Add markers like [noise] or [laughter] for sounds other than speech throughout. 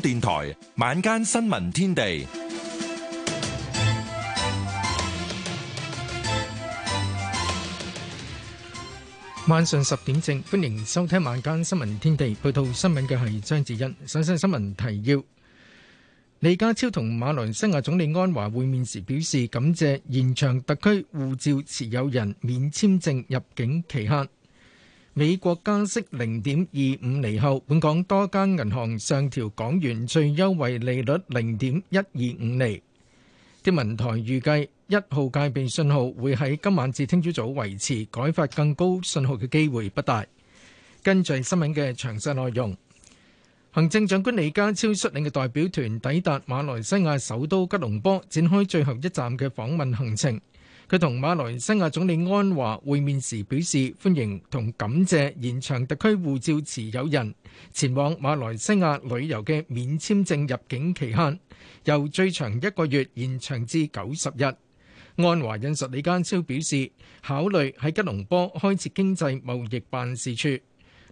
電台晚間新聞天地，晚上十點正，歡迎收聽晚間新聞天地。配套新聞嘅係張智欣，首先新聞提要：李家超同馬來西亞總理安華會面時表示，感謝延長特區護照持有人免簽證入境期限。美國加息零點二五厘後，本港多間銀行上調港元最優惠利率零點一二五厘。天文台預計一號戒備信號會喺今晚至聽朝早維持，改發更高信號嘅機會不大。跟住新聞嘅詳細內容，行政長官李家超率領嘅代表團抵達馬來西亞首都吉隆坡，展開最後一站嘅訪問行程。佢同馬來西亞總理安華會面時，表示歡迎同感謝延長特區護照持有人前往馬來西亞旅遊嘅免簽證入境期限，由最長一個月延長至九十日。安華引述李家超表示，考慮喺吉隆坡開設經濟貿易辦事處。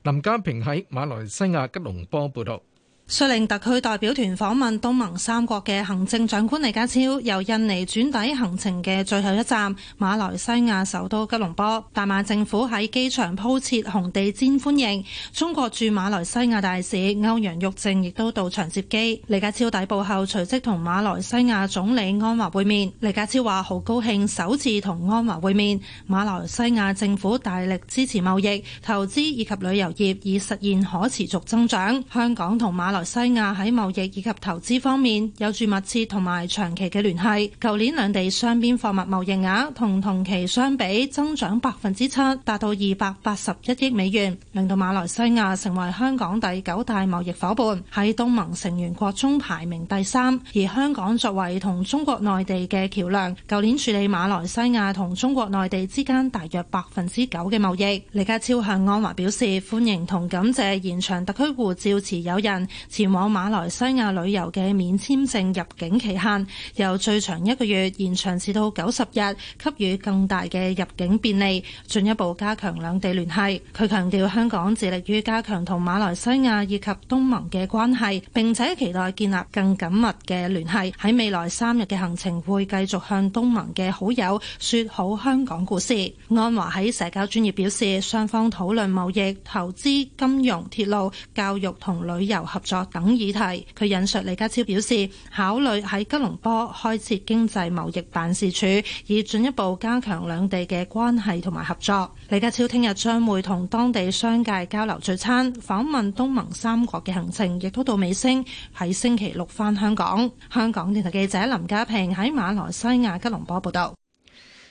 林家平喺馬來西亞吉隆坡報道。率領特區代表團訪問東盟三國嘅行政長官李家超，由印尼轉抵行程嘅最後一站馬來西亞首都吉隆坡。大馬政府喺機場鋪設紅地毯歡迎，中國駐馬來西亞大使歐陽玉靖亦都到場接機。李家超抵埗後，隨即同馬來西亞總理安華會面。李家超話好高興首次同安華會面，馬來西亞政府大力支持貿易、投資以及旅遊業，以實現可持續增長。香港同馬。馬來西亞喺貿易以及投資方面有住密切同埋長期嘅聯繫。舊年兩地雙邊貨物貿易額同同期相比增長百分之七，達到二百八十一億美元，令到馬來西亞成為香港第九大貿易夥伴，喺東盟成員國中排名第三。而香港作為同中國內地嘅橋樑，舊年處理馬來西亞同中國內地之間大約百分之九嘅貿易。李家超向安華表示歡迎同感謝延長特區護照持有人前往馬來西亞旅遊嘅免簽證入境期限由最長一個月延長至到九十日，給予更大嘅入境便利，進一步加強兩地聯繫，佢強調香港致力於加強同馬來西亞以及東盟嘅關係，並且期待建立更緊密嘅聯繫，喺未來三日嘅行程會繼續向東盟嘅好友說好香港故事。安華喺社交專業表示，雙方討論貿易、投資、金融、鐵路、教育同旅遊合作，等議題，佢引述李家超表示，考慮喺吉隆坡開設經濟貿易辦事處，以進一步加強兩地嘅關係同埋合作。李家超聽日將會同當地商界交流聚餐，訪問東盟三國嘅行程亦都到尾聲，喺星期六返香港。香港電台記者林家平喺馬來西亞吉隆坡報道。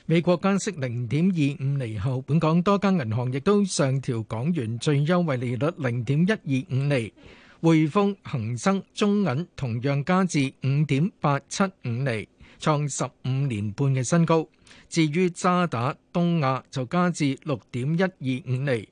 美國加息零點二五厘後，本港多間銀行亦都上調港元最優惠利率零點一二五厘。匯豐恆生中銀同樣加至五點八七五厘，創十五年半嘅新高。至於渣打、東亞就加至六點一二五厘。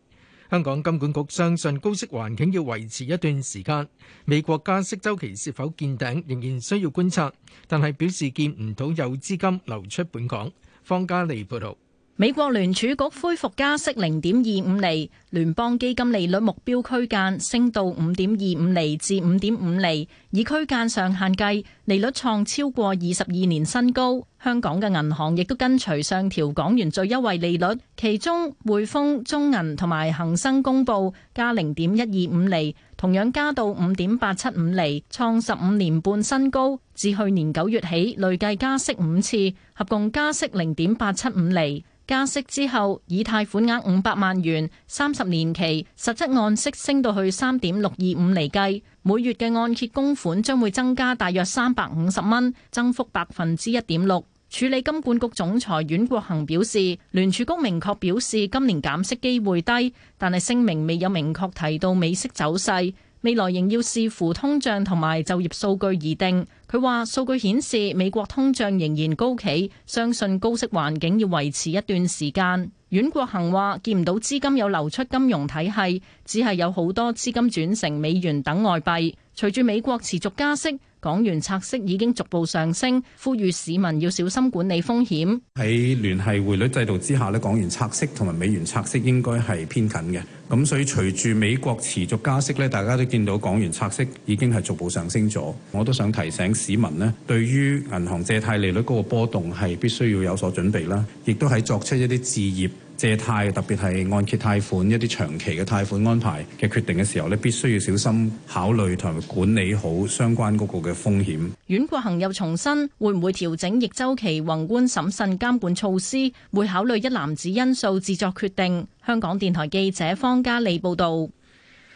香港金管局相信高息環境要維持一段時間，美國加息周期是否見頂仍然需要觀察，但係表示見唔到有資金流出本港。方家利報導。美國聯儲局恢復加息零點二五釐，聯邦基金利率目標區間升到五點二五釐至五點五釐，以區間上限計，利率創超過二十二年新高。香港嘅銀行亦都跟隨上調港元最優惠利率，其中匯豐、中銀同埋恒生公布加零點一二五釐，同樣加到五點八七五釐，創十五年半新高。自去年九月起，累計加息五次，合共加息零點八七五釐。加息之後，以貸款額五百萬元、三十年期、實質按息升到去三點六二五厘計，每月嘅按揭供款將會增加大約三百五十蚊，增幅百分之一點六。處理金管局總裁阮國恆表示，聯儲局明確表示今年減息機會低，但係聲明未有明確提到美息走勢，未來仍要視乎通脹同埋就業數據而定。佢話：數據顯示美國通脹仍然高企，相信高息環境要維持一段時間。阮國恒話：見唔到資金有流出金融體系，只係有好多資金轉成美元等外幣。隨住美國持續加息，港元拆息已經逐步上升，呼籲市民要小心管理風險。喺聯繫匯率制度之下咧，港元拆息同埋美元拆息應該係偏緊嘅。咁所以隨住美國持續加息咧，大家都見到港元拆息已經係逐步上升咗。我都想提醒。市民呢，對於銀行借貸利率嗰個波動係必須要有所準備啦，亦都係作出一啲置業借貸，特別係按揭貸款一啲長期嘅貸款安排嘅決定嘅時候呢，必須要小心考慮同埋管理好相關嗰個嘅風險。阮國恒又重申，會唔會調整逆周期宏觀審慎監管措施，會考慮一籃子因素自作決定。香港電台記者方嘉莉報道。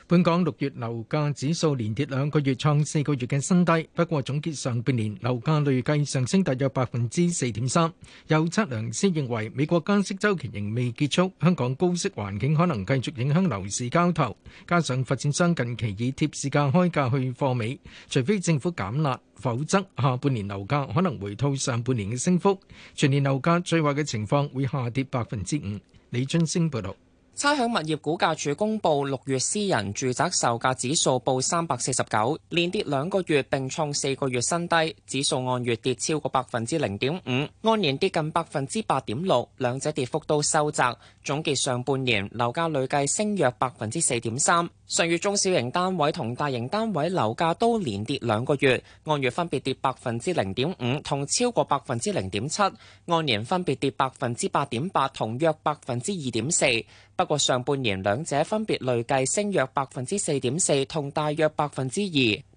本港六月樓價指數連跌兩個月，創四個月嘅新低。不過總結上半年樓價累計上升大約百分之四點三。有測量師認為，美國加息周期仍未結束，香港高息環境可能繼續影響樓市交投。加上發展商近期以貼市價開價去貨尾，除非政府減辣，否則下半年樓價可能回吐上半年嘅升幅。全年樓價最壞嘅情況會下跌百分之五。李俊升報道。差餉物業估價署公布六月私人住宅售價指數報三百四十九，連跌兩個月，並創四個月新低。指數按月跌超過百分之零點五，按年跌近百分之八點六，兩者跌幅都收窄。總結上半年樓價累計升約百分之四點三。上月中小型單位同大型單位樓價都連跌兩個月，按月分別跌百分之零點五同超過百分之零點七，按年分別跌百分之八點八同約百分之二點四。不過，上半年兩者分別累計升約百分之四點四同大約百分之二。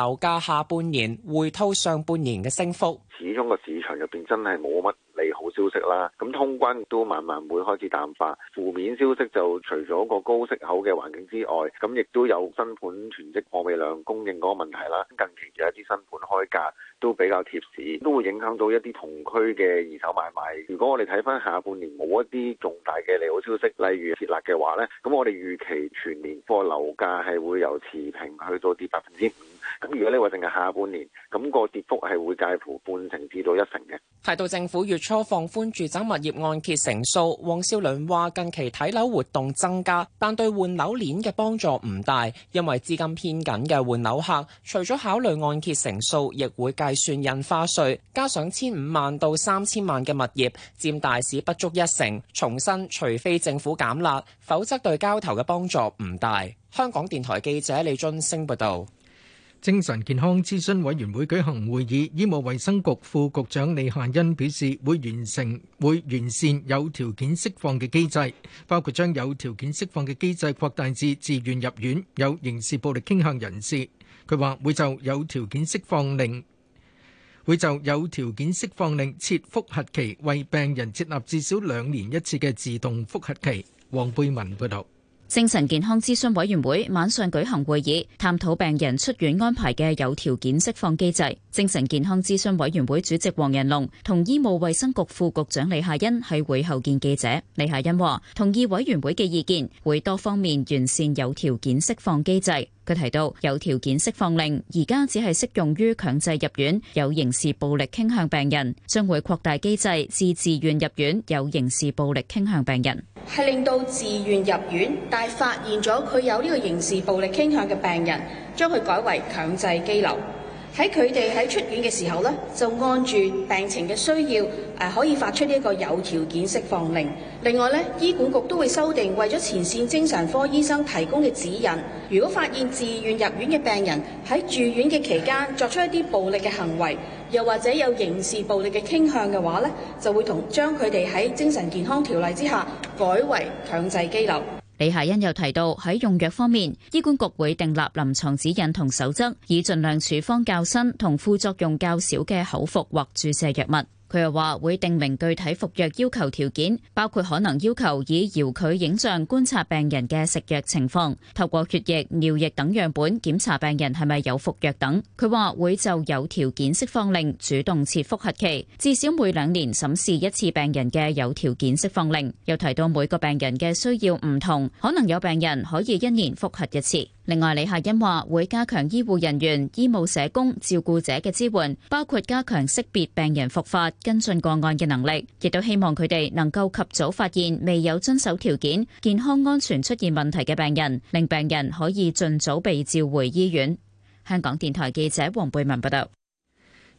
樓價下半年回吐上半年嘅升幅，始終個市場入邊真係冇乜利好消息啦。咁通關都慢慢會開始淡化，負面消息就除咗個高息口嘅環境之外，咁亦都有新盤囤積貨尾量供應嗰個問題啦。近期有一啲新盤開價。都比較貼士，都會影響到一啲同區嘅二手買賣。如果我哋睇翻下半年冇一啲重大嘅利好消息，例如撤辣嘅話呢，咁我哋預期全年個樓價係會由持平去到跌百分之五。咁如果你話淨係下半年，咁個跌幅係會介乎半成至到一成嘅。提到政府月初放寬住宅物業按揭成數，黃少倫話近期睇樓活動增加，但對換樓鏈嘅幫助唔大，因為資金偏緊嘅換樓客，除咗考慮按揭成數，亦會介算印花稅，加上千五萬到三千萬嘅物業，佔大市不足一成。重申，除非政府減辣，否則對交投嘅幫助唔大。香港電台記者李津升報道。精神健康諮詢委員會舉行會議，醫務衛生局副局長李嫻欣表示，會完成會完善有條件釋放嘅機制，包括將有條件釋放嘅機制擴大至自願入院有刑事暴力傾向人士。佢話會就有條件釋放令。會就有條件釋放令設複核期，為病人設立至少兩年一次嘅自動複核期。黃貝文報導。精神健康諮詢委員會晚上舉行會議，探討病人出院安排嘅有條件釋放機制。精神健康諮詢委員會主席黃仁龍同醫務衛生局副局長李夏欣喺會後見記者。李夏欣話同意委員會嘅意見，會多方面完善有條件釋放機制。佢提到，有條件釋放令而家只係適用於強制入院有刑事暴力傾向病人，將會擴大機制至自願入院有刑事暴力傾向病人，係令到自願入院但發現咗佢有呢個刑事暴力傾向嘅病人，將佢改為強制羈留。喺佢哋喺出院嘅時候呢，就按住病情嘅需要，誒、呃、可以發出呢一個有條件釋放令。另外呢，醫管局都會修訂為咗前線精神科醫生提供嘅指引。如果發現自願入院嘅病人喺住院嘅期間作出一啲暴力嘅行為，又或者有刑事暴力嘅傾向嘅話呢，就會同將佢哋喺精神健康條例之下改為強制拘留。李夏欣又提到，喺用藥方面，醫管局會訂立臨床指引同守則，以盡量處方較新同副作用較少嘅口服或注射藥物。佢又話會定明具體服藥要求條件，包括可能要求以遙距影像觀察病人嘅食藥情況，透過血液、尿液等樣本檢查病人係咪有服藥等。佢話會就有條件釋放令主動設複核期，至少每兩年審視一次病人嘅有條件釋放令。又提到每個病人嘅需要唔同，可能有病人可以一年複核一次。另外，李夏欣話會加強醫護人員、醫務社工、照顧者嘅支援，包括加強識別病人復發、跟進個案嘅能力，亦都希望佢哋能夠及早發現未有遵守條件、健康安全出現問題嘅病人，令病人可以盡早被召回醫院。香港電台記者黃貝文報道。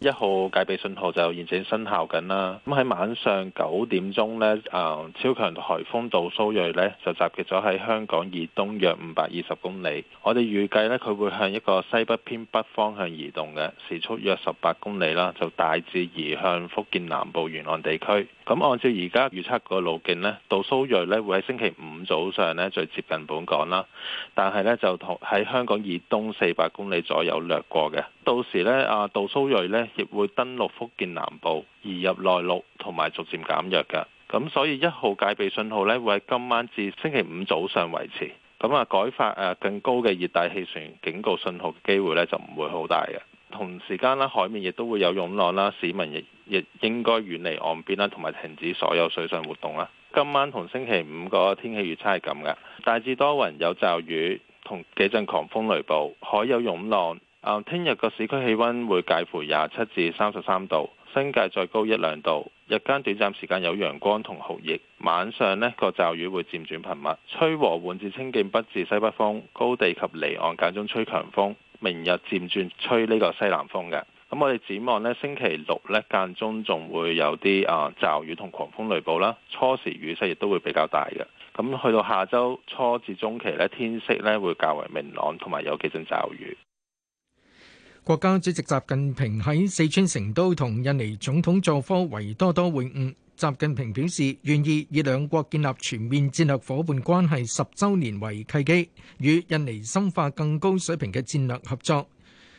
一號戒備信號就現正生效緊啦。咁喺晚上九點鐘呢，啊，超強颱風杜蘇瑞呢就集結咗喺香港以東約五百二十公里。我哋預計呢，佢會向一個西北偏北方向移動嘅，時速約十八公里啦，就大致移向福建南部沿岸地區。咁按照而家預測個路徑呢，杜蘇瑞呢會喺星期五早上呢最接近本港啦，但係呢，就同喺香港以東四百公里左右掠過嘅。到時呢，啊，杜蘇瑞呢。亦會登陸福建南部，移入內陸同埋逐漸減弱嘅。咁所以一號戒備信號呢，會喺今晚至星期五早上維持。咁啊，改發誒更高嘅熱帶氣旋警告信號嘅機會呢，就唔會好大嘅。同時間啦，海面亦都會有湧浪啦，市民亦亦應該遠離岸邊啦，同埋停止所有水上活動啦。今晚同星期五個天氣預測係咁嘅，大致多雲有驟雨同幾陣狂風雷暴，海有湧浪。啊！聽日個市區氣温會介乎廿七至三十三度，新界再高一兩度。日間短暫時間有陽光同酷熱，晚上呢個驟雨會漸轉頻密，吹和緩至清勁北至西北風，高地及離岸間中吹強風。明日漸轉吹呢個西南風嘅。咁我哋展望呢星期六呢間中仲會有啲啊驟雨同狂風雷暴啦，初時雨勢亦都會比較大嘅。咁去到下周初至中期呢，天色呢會較為明朗，同埋有，有幾陣驟雨。國家主席習近平喺四川成都同印尼總統佐科維多多會晤。習近平表示願意以兩國建立全面戰略伙伴關係十周年為契機，與印尼深化更高水平嘅戰略合作。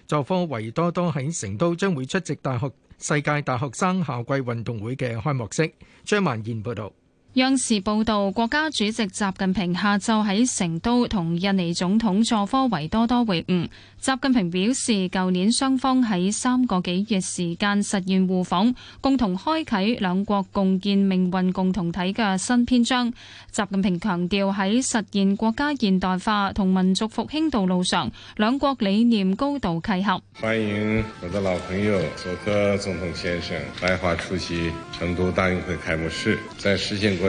佐科維多多喺成都將會出席大學世界大學生夏季運動會嘅開幕式。張曼燕報道。央視報道，國家主席習近平下晝喺成都同印尼總統佐科維多多會晤。習近平表示，舊年雙方喺三個幾月時間實現互訪，共同開啟兩國共建命運共同體嘅新篇章。習近平強調，喺實現國家現代化同民族復興道路上，兩國理念高度契合。歡迎我的老朋友佐科總統先生來華出席成都大運會開幕式，在實現國。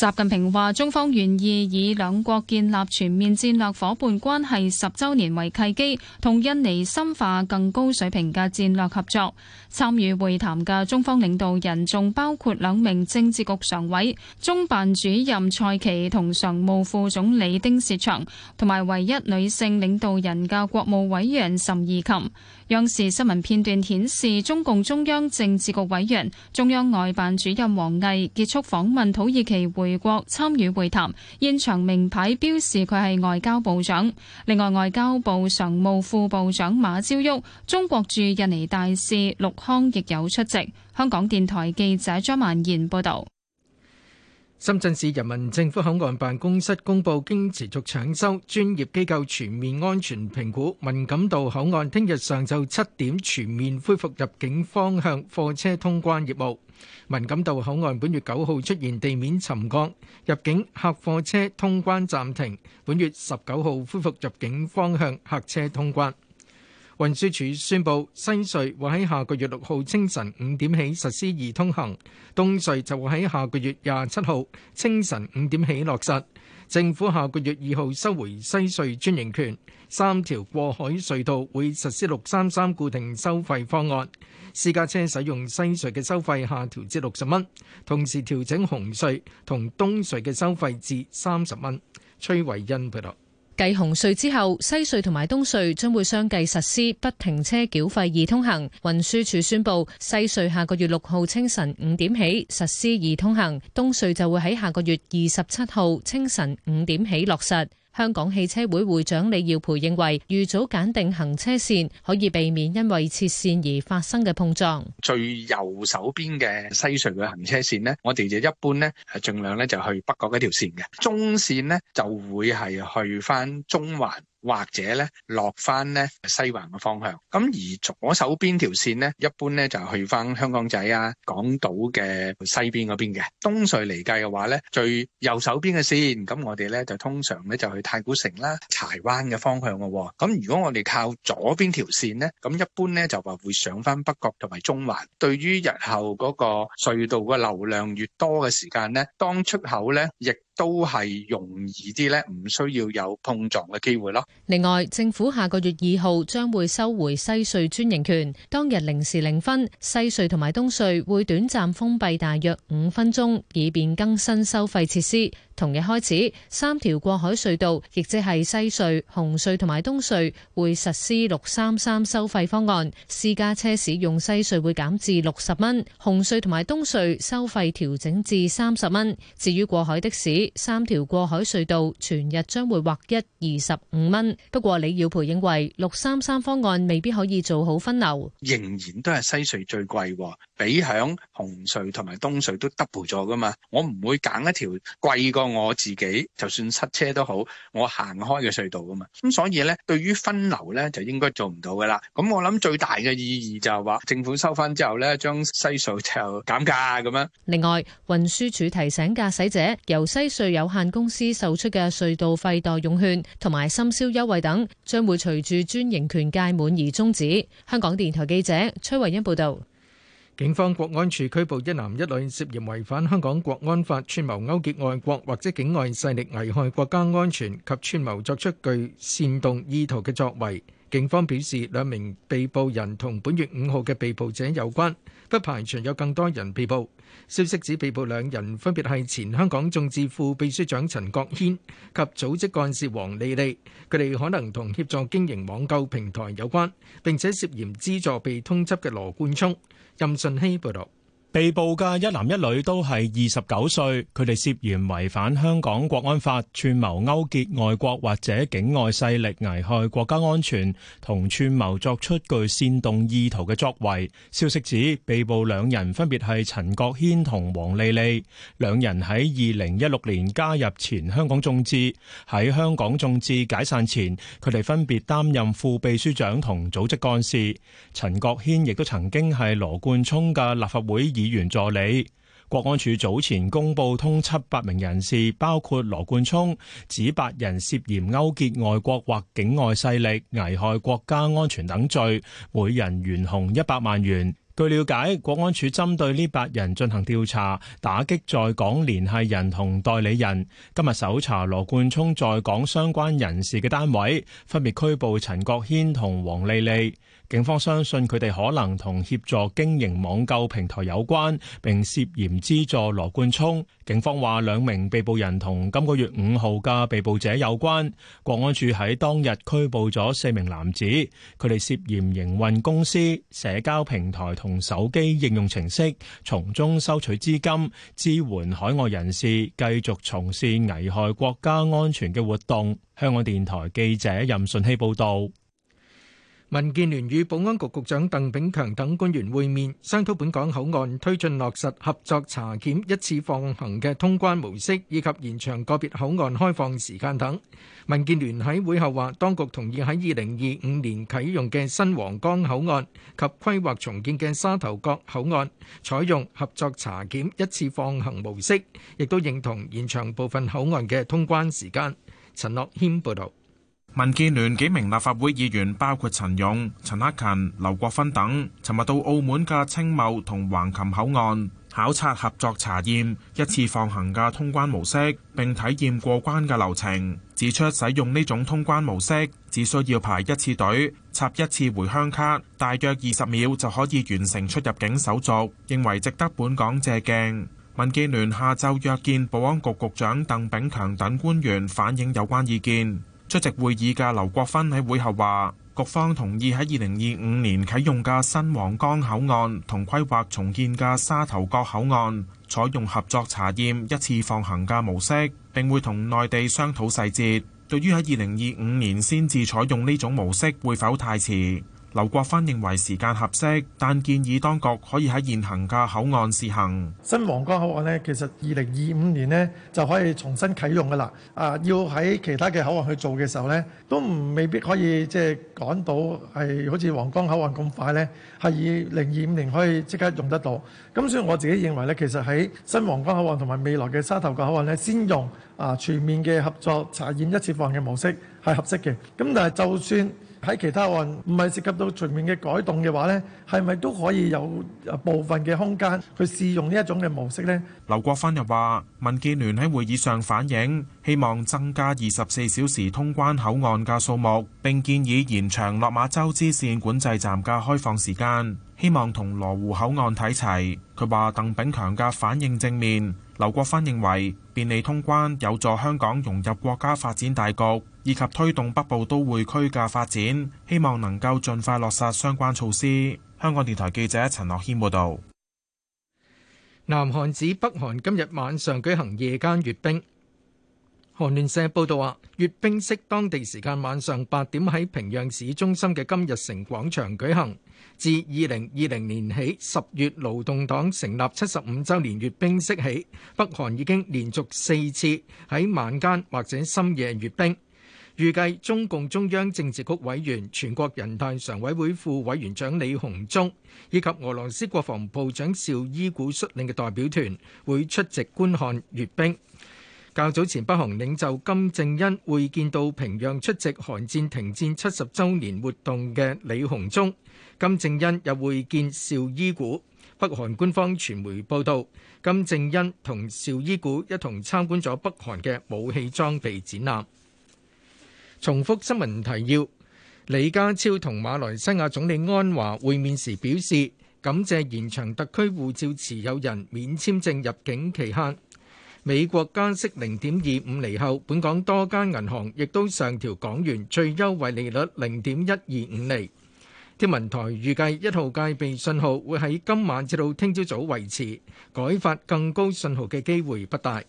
習近平話：中方願意以兩國建立全面戰略夥伴關係十週年為契機，同印尼深化更高水平嘅戰略合作。參與會談嘅中方領導人仲包括兩名政治局常委、中辦主任蔡奇同常務副總理丁薛祥，同埋唯一女性領導人嘅國務委員諶貽琴。央視新聞片段顯示，中共中央政治局委員、中央外辦主任王毅結束訪問土耳其會。美國參與會談，現場名牌標示佢係外交部長。另外，外交部常務副部長馬朝旭、中國駐印尼大使陸康亦有出席。香港電台記者張曼賢報道。深圳市人民政府口岸辦公室公佈，經持續搶修、專業機構全面安全評估，文錦渡口岸聽日上晝七點全面恢復入境方向貨車通關業務。文錦渡口岸本月九號出現地面沉降，入境客貨車通關暫停，本月十九號恢復入境方向客車通關。運輸署宣布，西隧會喺下個月六號清晨五點起實施易通行，東隧就會喺下個月廿七號清晨五點起落實。政府下個月二號收回西隧專營權，三條過海隧道會實施六三三固定收費方案。私家車使用西隧嘅收費下調至六十蚊，同時調整紅隧同東隧嘅收費至三十蚊。崔維恩報導。繼紅隧之後，西隧同埋東隧將會相繼實施不停車繳費易通行。運輸署宣布，西隧下個月六號清晨五點起實施易通行，東隧就會喺下個月二十七號清晨五點起落實。香港汽車會會長李耀培認為，預早揀定行車線，可以避免因為切線而發生嘅碰撞。最右手邊嘅西隧嘅行車線，我哋一般呢，係盡量呢，就去北角嗰條線。中線呢，就會係去返中環。或者咧落翻咧西環嘅方向，咁而左手邊條線咧，一般咧就去翻香港仔啊、港島嘅西邊嗰邊嘅。東隧嚟計嘅話咧，最右手邊嘅線，咁我哋咧就通常咧就去太古城啦、啊、柴灣嘅方向嘅、啊。咁如果我哋靠左邊條線咧，咁一般咧就話會上翻北角同埋中環。對於日後嗰個隧道嘅流量越多嘅時間咧，當出口咧亦。都係容易啲咧，唔需要有碰撞嘅機會咯。另外，政府下個月二號將會收回西隧專營權，當日零時零分，西隧同埋東隧會短暫封閉大約五分鐘，以便更新收費設施。同日開始，三條過海隧道，亦即係西隧、紅隧同埋東隧，會實施六三三收費方案。私家車使用西隧會減至六十蚊，紅隧同埋東隧收費調整至三十蚊。至於過海的士，三條過海隧道全日將會劃一二十五蚊。不過李耀培認為六三三方案未必可以做好分流，仍然都係西隧最貴喎，比響紅隧同埋東隧都 double 咗㗎嘛。我唔會揀一條貴過。我自己就算塞車都好，我行開嘅隧道噶嘛，咁所以呢，對於分流呢，就應該做唔到噶啦。咁我諗最大嘅意義就係話，政府收翻之後呢，將西隧就減價咁樣。另外，運輸署提醒駕駛者，由西隧有限公司售出嘅隧道費代用券同埋深宵優惠等，將會隨住專營權屆滿而終止。香港電台記者崔慧欣報道。警方國安處拘捕一男一女，涉嫌違反香港國安法，串謀勾結外國或者境外勢力，危害國家安全及串謀作出具煽動意圖嘅作為。警方表示，兩名被捕人同本月五號嘅被捕者有關。不排除有更多人被捕。消息指被捕兩人分別係前香港眾志副秘書長陳國軒及組織幹事黃莉莉，佢哋可能同協助經營網購平台有關，並且涉嫌資助被通緝嘅羅冠聰。任信希報導。被捕嘅一男一女都係二十九歲，佢哋涉嫌違反香港國安法，串謀勾結外國或者境外勢力危害國家安全，同串謀作出具煽動意圖嘅作為。消息指，被捕兩人分別係陳國軒同黃莉莉，兩人喺二零一六年加入前香港眾志，喺香港眾志解散前，佢哋分別擔任副秘書長同組織幹事。陳國軒亦都曾經係羅冠聰嘅立法會議員。議員助理。國安處早前公布通緝八名人士，包括羅冠聰，指八人涉嫌勾結外國或境外勢力，危害國家安全等罪，每人懸紅一百萬元。據了解，國安處針對呢八人進行調查，打擊在港聯繫人同代理人。今日搜查羅冠聰在港相關人士嘅單位，分別拘捕陳國謙同黃莉莉。警方相信佢哋可能同協助經營網購平台有關，並涉嫌資助羅冠聰。警方話兩名被捕人同今個月五號嘅被捕者有關。國安處喺當日拘捕咗四名男子，佢哋涉嫌營運公司、社交平台同手機應用程式，從中收取資金，支援海外人士繼續從事危害國家安全嘅活動。香港電台記者任順希報道。民建聯與保安局局長鄧炳強等官員會面，商討本港口岸推進落實合作查檢一次放行嘅通關模式，以及延長個別口岸開放時間等。民建聯喺會後話，當局同意喺二零二五年啟用嘅新皇崗口岸及規劃重建嘅沙頭角口岸採用合作查檢一次放行模式，亦都認同延長部分口岸嘅通關時間。陳樂謙報道。民建聯幾名立法會議員，包括陳勇、陳克勤、劉國勳等，尋日到澳門嘅青茂同橫琴口岸考察合作查驗一次放行嘅通關模式，並體驗過關嘅流程，指出使用呢種通關模式，只需要排一次隊、插一次回鄉卡，大約二十秒就可以完成出入境手續，認為值得本港借鏡。民建聯下晝約見保安局局長鄧炳強等官員，反映有關意見。出席會議嘅劉國芬喺會後話：局方同意喺二零二五年啟用嘅新皇崗口岸同規劃重建嘅沙頭角口岸採用合作查驗一次放行嘅模式，並會同內地商討細節。對於喺二零二五年先至採用呢種模式，會否太遲？劉國芬認為時間合適，但建議當局可以喺現行嘅口岸試行。新皇崗口岸呢，其實二零二五年呢就可以重新啟用噶啦。啊，要喺其他嘅口岸去做嘅時候呢，都唔未必可以即係趕到係好似皇崗口岸咁快呢，係二零二五年可以即刻用得到。咁所以我自己認為呢，其實喺新皇崗口岸同埋未來嘅沙頭角口岸呢，先用啊全面嘅合作查驗一次放行嘅模式係合適嘅。咁但係就算喺其他案唔係涉及到全面嘅改動嘅話，呢係咪都可以有部分嘅空間去試用呢一種嘅模式呢？劉國芬又話民建聯喺會議上反映，希望增加二十四小時通關口岸嘅數目，並建議延長落馬洲支線管制站嘅開放時間，希望同羅湖口岸睇齊。佢話鄧炳強嘅反應正面。劉國芬認為便利通關有助香港融入國家發展大局。以及推動北部都會區嘅發展，希望能夠盡快落實相關措施。香港電台記者陳樂軒報道。南韓指北韓今日晚上舉行夜間閱兵。韓聯社報道話，閱兵式當地時間晚上八點喺平壤市中心嘅金日成廣場舉行。自二零二零年起，十月勞動黨成立七十五週年閱兵式起，北韓已經連續四次喺晚間或者深夜閱兵。預計中共中央政治局委員、全國人大常委會副委員長李鴻忠以及俄羅斯國防部長邵伊古率領嘅代表團會出席觀看閱兵。較早前，北韓領袖金正恩會見到平壤出席韓戰停戰七十周年活動嘅李鴻忠，金正恩又會見邵伊古。北韓官方傳媒報道，金正恩同邵伊古一同參觀咗北韓嘅武器裝備展覽。重複新聞提要：李家超同馬來西亞總理安華會面時表示，感謝延長特區護照持有人免簽證入境期限。美國加息零點二五厘後，本港多間銀行亦都上調港元最優惠利率零點一二五厘。天文台預計一號戒備信號會喺今晚至到聽朝早維持，改發更高信號嘅機會不大。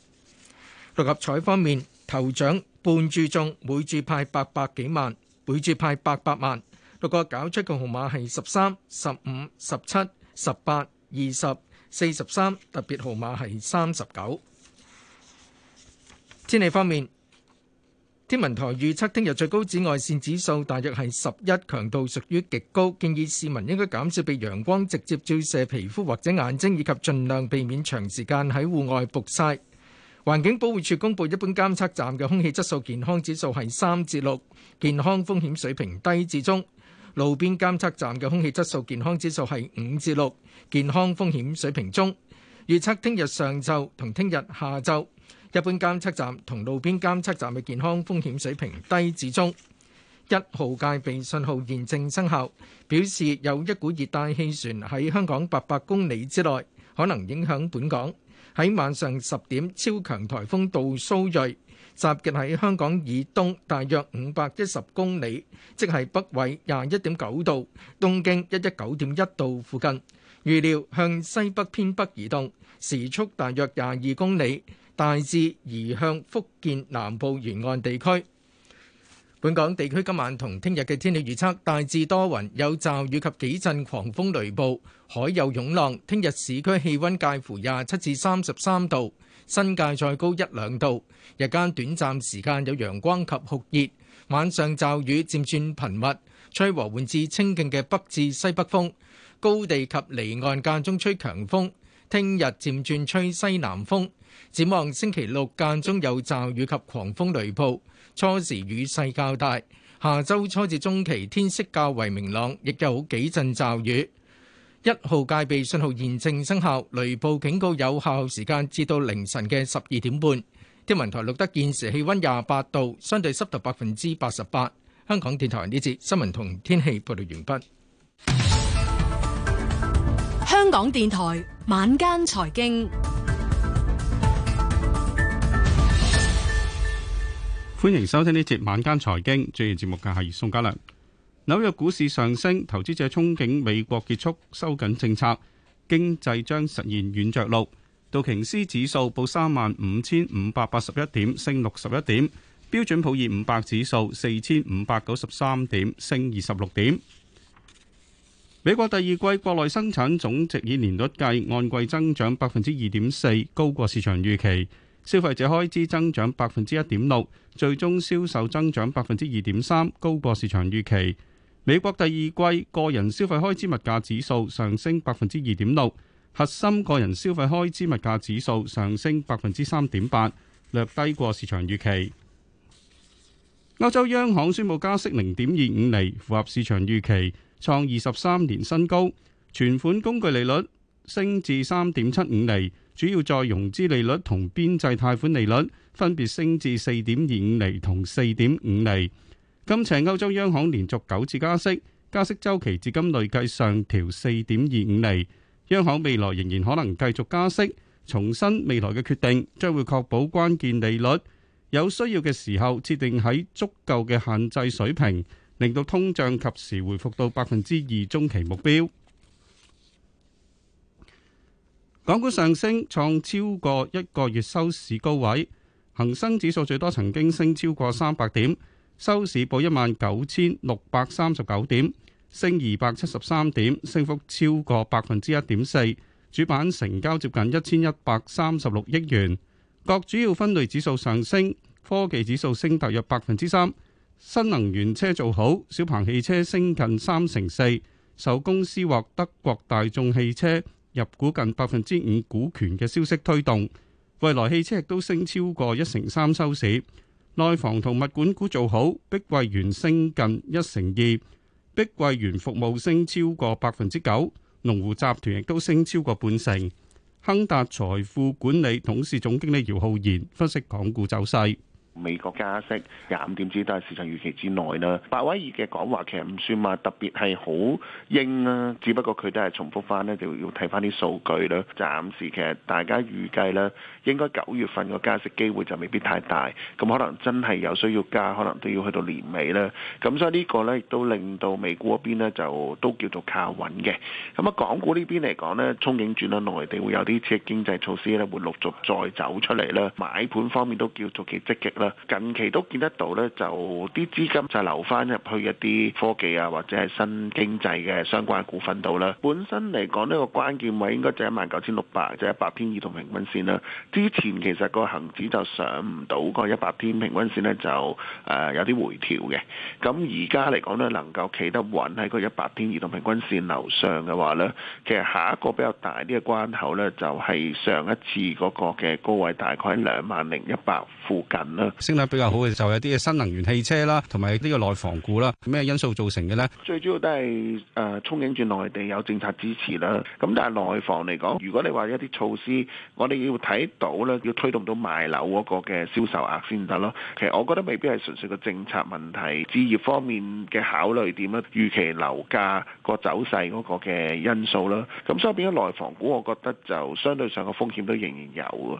六合彩方面，頭獎半注中，每注派八百幾萬，每注派八百萬。六個搞出嘅號碼係十三、十五、十七、十八、二十、四十三，特別號碼係三十九。天氣方面，天文台預測聽日最高紫外線指數大約係十一，強度屬於極高，建議市民應該減少被陽光直接照射皮膚或者眼睛，以及盡量避免長時間喺戶外曝曬。環境保護署公布一般監測站嘅空氣質素健康指數係三至六，健康風險水平低至中；路邊監測站嘅空氣質素健康指數係五至六，健康風險水平中。預測聽日上晝同聽日下晝一般監測站同路邊監測站嘅健康風險水平低至中。一號戒備信號現正生效，表示有一股熱帶氣旋喺香港八百公里之內，可能影響本港。喺晚上十點，超強颱風杜蘇芮，集結喺香港以東大約五百一十公里，即係北緯廿一點九度、東經一一九點一度附近。預料向西北偏北移動，時速大約廿二公里，大致移向福建南部沿岸地區。本港地區今晚同聽日嘅天氣預測大致多雲，有驟雨及幾陣狂風雷暴，海有湧浪。聽日市區氣温介乎廿七至三十三度，新界再高一兩度。日間短暫時間有陽光及酷熱，晚上驟雨漸轉頻密，吹和緩至清勁嘅北至西北風，高地及離岸間中吹強風。聽日漸轉吹西南風，展望星期六間中有驟雨及狂風雷暴。初時雨勢較大，下周初至中期天色較為明朗，亦有幾陣驟雨。一號戒備信號現正生效，雷暴警告有效時間至到凌晨嘅十二點半。天文台錄得現時氣温廿八度，相對濕度百分之八十八。香港電台呢節新聞同天氣報道完畢。香港電台晚間財經。歡迎收聽呢節晚間財經，主持節目嘅係宋家良。紐約股市上升，投資者憧憬美國結束收緊政策，經濟將實現軟着陸。道瓊斯指數報三萬五千五百八十一點，升六十一點。標準普爾五百指數四千五百九十三點，升二十六點。美國第二季國內生產總值以年率計按季增長百分之二點四，高過市場預期。消費者開支增長百分之一點六，最終銷售增長百分之二點三，高過市場預期。美國第二季個人消費開支物價指數上升百分之二點六，核心個人消費開支物價指數上升百分之三點八，略低過市場預期。歐洲央行宣布加息零點二五厘，符合市場預期，創二十三年新高。存款工具利率升至三點七五厘。主要再融資利率同邊際貸款利率分別升至四點二五厘同四點五厘，今次歐洲央行連續九次加息，加息週期至今累計上調四點二五厘，央行未來仍然可能繼續加息，重申未來嘅決定將會確保關鍵利率有需要嘅時候設定喺足夠嘅限制水平，令到通脹及時回復到百分之二中期目標。港股上升，創超過一個月收市高位。恒生指數最多曾經升超過三百點，收市報一萬九千六百三十九點，升二百七十三點，升幅超過百分之一點四。主板成交接近一千一百三十六億元。各主要分類指數上升，科技指數升大約百分之三。新能源車做好，小鵬汽車升近三成四，受公司獲德國大眾汽車。入股近百分之五股權嘅消息推動，蔚來汽車亦都升超過一成三收市。內房同物管股做好，碧桂園升近一成二，碧桂園服務升超過百分之九，龍湖集團亦都升超過半成。亨達財富管理董事總經理姚浩然分析港股走勢。美國加息，廿五點之都係市場預期之內啦。白威爾嘅講話其實唔算話，特別係好應啦。只不過佢都係重複翻呢，就要睇翻啲數據啦。暫時其實大家預計咧，應該九月份個加息機會就未必太大。咁可能真係有需要加，可能都要去到年尾啦。咁所以呢個呢亦都令到美股嗰邊咧就都叫做靠穩嘅。咁啊，港股呢邊嚟講呢，憧憬轉啦，內地會有啲刺激經濟措施咧，會陸續再走出嚟啦。買盤方面都叫做其積極。近期都見得到咧，就啲資金就流翻入去一啲科技啊，或者係新經濟嘅相關股份度啦。本身嚟講，呢、這個關鍵位應該就一萬九千六百，即係一百天移動平均線啦。之前其實個恒指就上唔到個一百天平均線呢，就、呃、誒有啲回調嘅。咁而家嚟講呢，能夠企得穩喺個一百天移動平均線樓上嘅話呢，其實下一個比較大啲嘅關口呢，就係、是、上一次嗰個嘅高位，大概喺兩萬零一百附近啦。升得比較好嘅就係有啲嘅新能源汽車啦，同埋呢個內房股啦，咩因素造成嘅呢？最主要都係誒、呃，憧憬住內地有政策支持啦。咁但係內房嚟講，如果你話一啲措施，我哋要睇到咧，要推動到賣樓嗰個嘅銷售額先得咯。其實我覺得未必係純粹個政策問題，置業方面嘅考慮點咧，預期樓價個走勢嗰個嘅因素啦。咁所以變咗內房股，我覺得就相對上個風險都仍然有。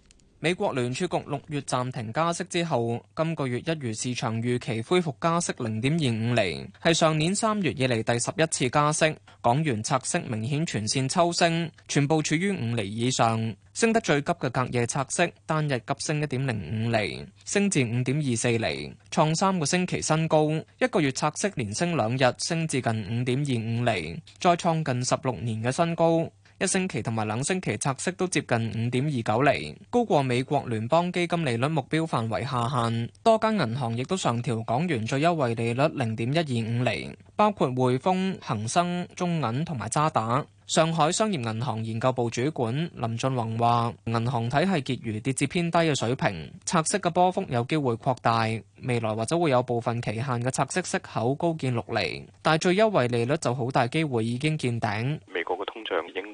美國聯儲局六月暫停加息之後，今個月一如市場預期恢復加息零點二五厘，係上年三月以嚟第十一次加息。港元拆息明顯全線抽升，全部處於五厘以上，升得最急嘅隔夜拆息單日急升一點零五厘，升至五點二四厘，創三個星期新高。一個月拆息連升兩日，升至近五點二五厘，再創近十六年嘅新高。一星期同埋兩星期拆息都接近五點二九厘，高過美國聯邦基金利率目標範圍下限。多間銀行亦都上調港元最優惠利率零點一二五厘，包括匯豐、恒生、中銀同埋渣打。上海商業銀行研究部主管林俊宏話，銀行體系結餘跌至偏低嘅水平，拆息嘅波幅有機會擴大，未來或者會有部分期限嘅拆息息口高見六厘，但係最優惠利率就好大機會已經見頂。美國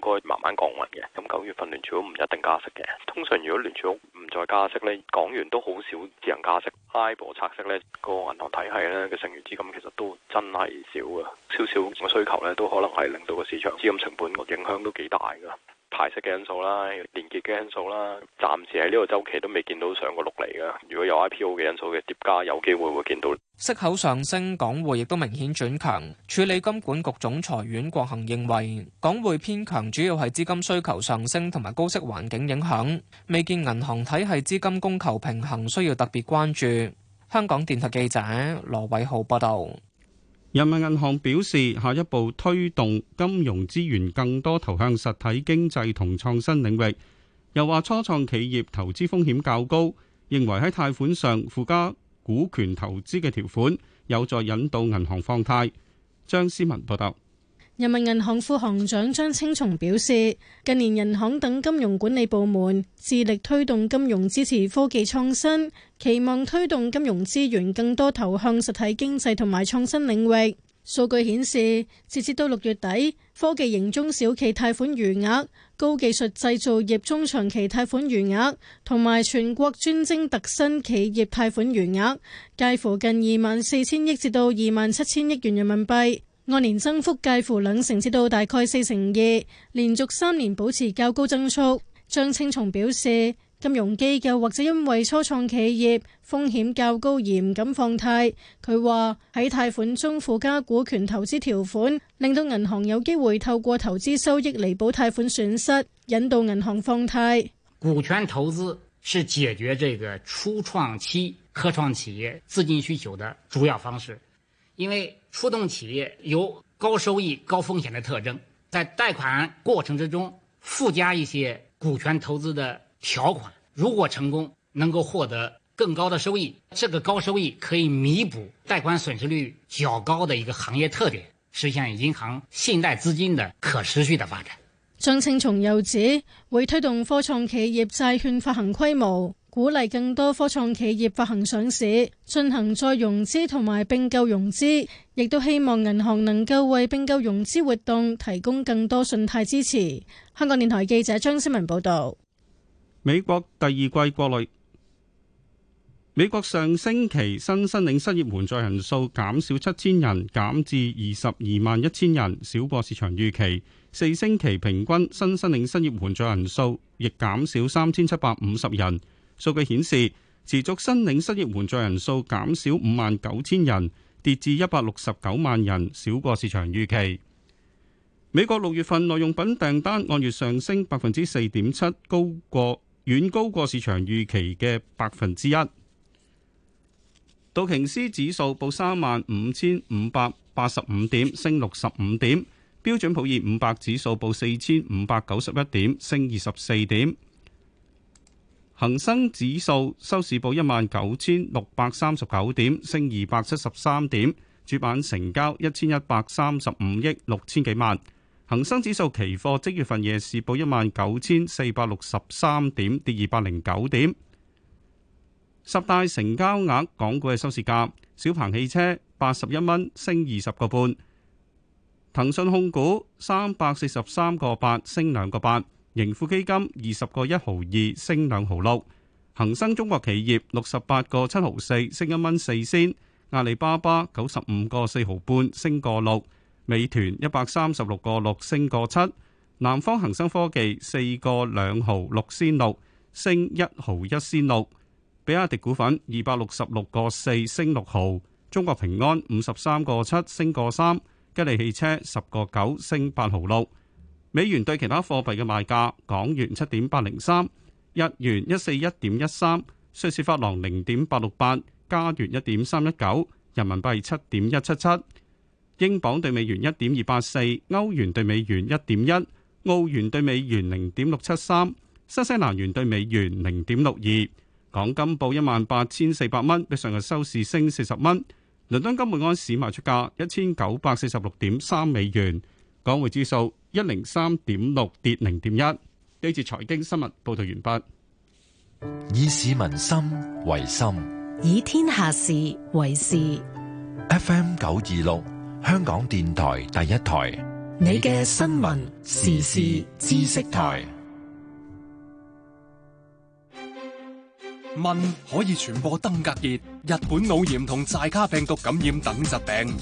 會慢慢降溫嘅，咁九月份聯儲局都唔一定加息嘅。通常如果聯儲局唔再加息呢，港元都好少自行加息。HIBOR 拆息呢，個銀行體系呢嘅剩餘資金其實都真係少啊，少少嘅需求呢都可能係令到個市場資金成本個影響都幾大噶。派息嘅因素啦，連結嘅因素啦，暫時喺呢個周期都未見到上過六釐嘅。如果有 IPO 嘅因素嘅疊加，價有機會會見到息口上升，港匯亦都明顯轉強。處理金管局總裁阮國恆認為，港匯偏強主要係資金需求上升同埋高息環境影響，未見銀行體系資金供求平衡，需要特別關注。香港電台記者羅偉浩報道。人民銀行表示，下一步推動金融資源更多投向實體經濟同創新領域，又話初創企業投資風險較高，認為喺貸款上附加股權投資嘅條款，有助引導銀行放貸。張思文報道。人民銀行副行長張青松表示，近年人行等金融管理部門致力推動金融支持科技創新，期望推動金融資源更多投向實體經濟同埋創新領域。數據顯示，截至到六月底，科技型中小企貸款餘額、高技術製造業中長期貸款餘額同埋全國專精特新企業貸款餘額，介乎近二萬四千億至到二萬七千億元人民幣。按年增幅介乎兩成至到大概四成二，連續三年保持較高增速。張青松表示，金融機構或者因為初創企業風險較高而唔敢放貸。佢話喺貸款中附加股權投資條款，令到銀行有機會透過投資收益彌補貸款損失，引導銀行放貸。股權投資是解決這個初創期科創企業資金需求的主要方式，因為，初創企業有高收益、高風險的特徵，在貸款過程之中附加一些股權投資的條款，如果成功能夠獲得更高的收益，這個高收益可以彌補貸款損失率較高的一個行業特點，實現銀行信貸資金的可持續的發展。張青松又指，會推動科創企業債券發行規模。鼓勵更多科創企業發行上市，進行再融資同埋併購融資，亦都希望銀行能夠為並購融資活動提供更多信貸支持。香港電台記者張思文報道。美國第二季國內，美國上星期新申領失業援助人數減少七千人，減至二十二萬一千人，小過市場預期。四星期平均新申領失業援助人數亦減少三千七百五十人。數據顯示，持續申領失業援助人數減少五萬九千人，跌至一百六十九萬人，少過市場預期。美國六月份耐用品訂單按月上升百分之四點七，高過，遠高過市場預期嘅百分之一。道瓊斯指數報三萬五千五百八十五點，升六十五點；標準普爾五百指數報四千五百九十一點，升二十四點。恒生指數收市報一萬九千六百三十九點，升二百七十三點，主板成交一千一百三十五億六千幾萬。恒生指數期貨即月份夜市報一萬九千四百六十三點，跌二百零九點。十大成交額，港股嘅收市價：小鵬汽車八十一蚊，升二十個半；騰訊控股三百四十三個八，升兩個八。盈富基金二十個一毫二升兩毫六，恒生中國企業六十八個七毫四升一蚊四仙，阿里巴巴九十五個四毫半升個六，美團一百三十六個六升個七，南方恒生科技四個兩毫六仙六升一毫一仙六，比亞迪股份二百六十六個四升六毫，中國平安五十三個七升個三，吉利汽車十個九升八毫六。美元對其他貨幣嘅賣價：港元七點八零三，日元一四一點一三，瑞士法郎零點八六八，加元一點三一九，人民幣七點一七七，英鎊對美元一點二八四，歐元對美元一點一，澳元對美元零點六七三，新西蘭元對美元零點六二。港金報一萬八千四百蚊，比上日收市升四十蚊。倫敦金每盎司賣出價一千九百四十六點三美元。港匯指數一零三點六跌零點一。呢節財經新聞報道完畢。以市民心為心，以天下事為事。FM 九二六，香港電台第一台，你嘅新聞時事知識台。蚊可以傳播登革熱、日本腦炎同寨卡病毒感染等疾病。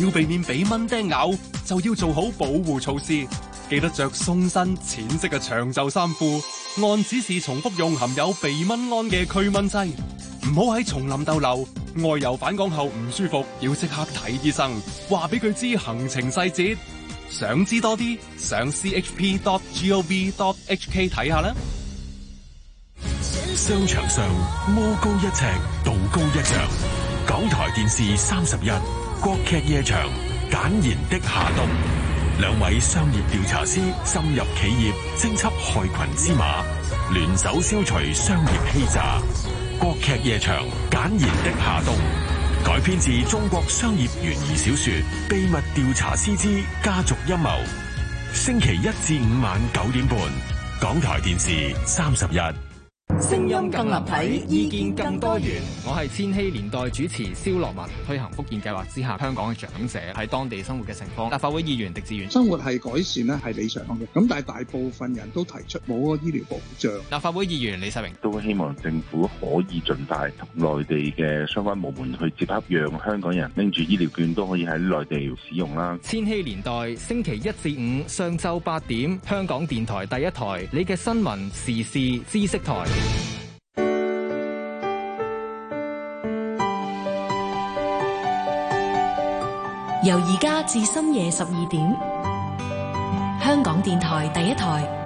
要避免俾蚊叮咬，就要做好保護措施。記得着鬆身淺色嘅長袖衫褲，按指示重複用含有避蚊胺嘅驅蚊劑。唔好喺叢林逗留。外遊返港後唔舒服，要即刻睇醫生。話俾佢知行程細節。想知多啲，上 c h p dot g o v dot h k 睇下啦。商場上魔高一尺，道高一丈。港台電視三十一。國劇夜場，簡言的夏冬，兩位商業調查師深入企業，偵緝害群之馬，聯手消除商業欺詐。國劇夜場，簡言的夏冬，改編自中國商業懸疑小說《秘密調查師之家族陰謀》。星期一至五晚九點半，港台電視三十日。.聲音更立體，意見更多元。我係千禧年代主持蕭樂文，推行福建計劃之下，香港嘅長者喺當地生活嘅情況。立法會議員狄志遠，生活係改善呢，係理想嘅。咁但係大部分人都提出冇個醫療保障。立法會議員李世榮都希望政府可以盡快同內地嘅相關部門去接洽，讓香港人拎住醫療券都可以喺內地使用啦。千禧年代星期一至五上晝八點，香港電台第一台，你嘅新聞時事知識台。由而家至深夜十二點，香港電台第一台。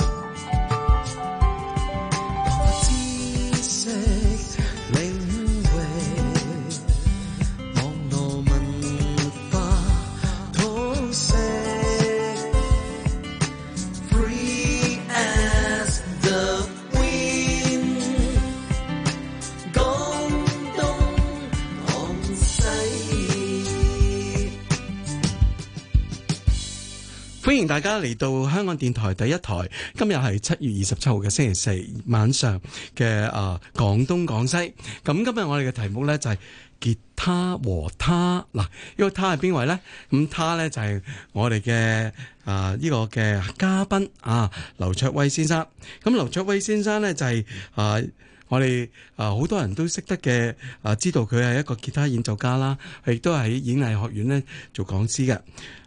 歡迎大家嚟到香港電台第一台。今日係七月二十七號嘅星期四晚上嘅，啊廣東廣西。咁今日我哋嘅題目呢，就係吉他和他。嗱，呢個他係邊位呢？咁他呢，就係我哋嘅啊呢個嘅嘉賓啊劉卓威先生。咁劉卓威先生呢，就係啊我哋啊好多人都識得嘅啊知道佢係一個吉他演奏家啦，佢亦都係喺演藝學院呢做講師嘅。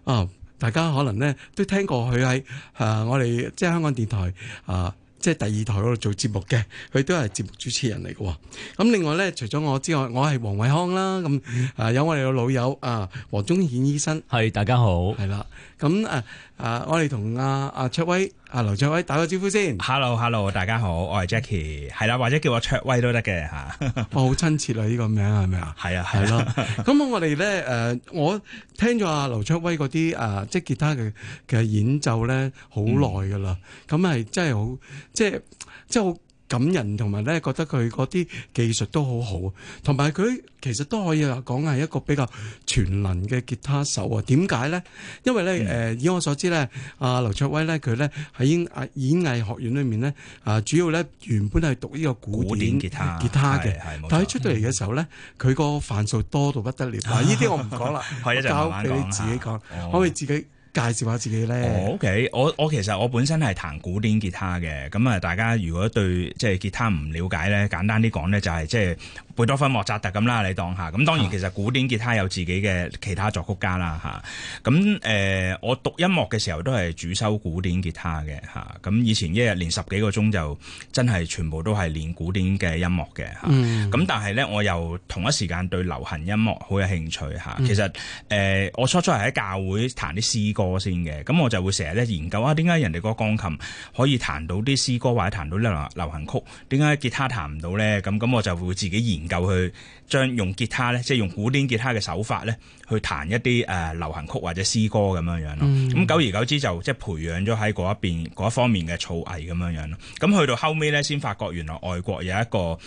哦、啊。大家可能咧都聽過佢喺誒我哋即係香港電台啊、呃，即係第二台嗰度做節目嘅，佢都係節目主持人嚟嘅。咁、呃、另外咧，除咗我之外，我係黃偉康啦。咁、呃、誒有我哋嘅老友啊，黃忠顯醫生，係大家好，係啦。咁啊啊！我哋同阿阿卓威、阿、啊、劉卓威打個招呼先。Hello，Hello，hello，大家好，我係 Jackie，係啦，或者叫我卓威都得嘅吓。我好親切啦、啊，呢、呢個名係咪啊？係啊，係咯。咁我哋咧誒，我聽咗阿劉卓威嗰啲誒，即係吉他嘅嘅演奏咧，好耐噶啦。咁係真係好，即係即係好。感人同埋咧，覺得佢嗰啲技術都好好，同埋佢其實都可以話講係一個比較全能嘅吉他手喎。點解咧？因為咧，誒以我所知咧，阿劉卓威咧，佢咧喺演藝學院裏面咧，啊主要咧原本係讀呢個古典吉他嘅，但係出到嚟嘅時候咧，佢個範數多到不得了。嗱、啊，呢啲我唔講啦，係 [laughs] 交俾你自己講，啊哦、可以自己。介紹下自己咧，Oh，OK，我我其實我本身係彈古典吉他嘅，咁啊大家如果對即係、即係、吉他唔了解咧，簡單啲講咧就係即係，即係貝多芬、莫扎特咁啦，你當下咁當然其實古典吉他有自己嘅其他作曲家啦嚇。咁誒、啊啊呃，我讀音樂嘅時候都係主修古典吉他嘅嚇。咁、啊啊、以前一日練十幾個鐘就真係全部都係練古典嘅音樂嘅嚇。咁、啊嗯、但係咧，我又同一時間對流行音樂好有興趣嚇、啊。其實誒、啊，我初初係喺教會彈啲詩歌先嘅，咁我就會成日咧研究啊，點解人哋個鋼琴可以彈到啲詩歌或者彈到流行曲，點解吉他彈唔到咧？咁咁我就會自己研。夠去將用吉他咧，即係用古典吉他嘅手法咧，去彈一啲誒、呃、流行曲或者詩歌咁樣樣咯。咁、嗯、久而久之就即係培養咗喺嗰一邊嗰方面嘅造詣咁樣樣咯。咁去到後尾咧，先發覺原來外國有一個。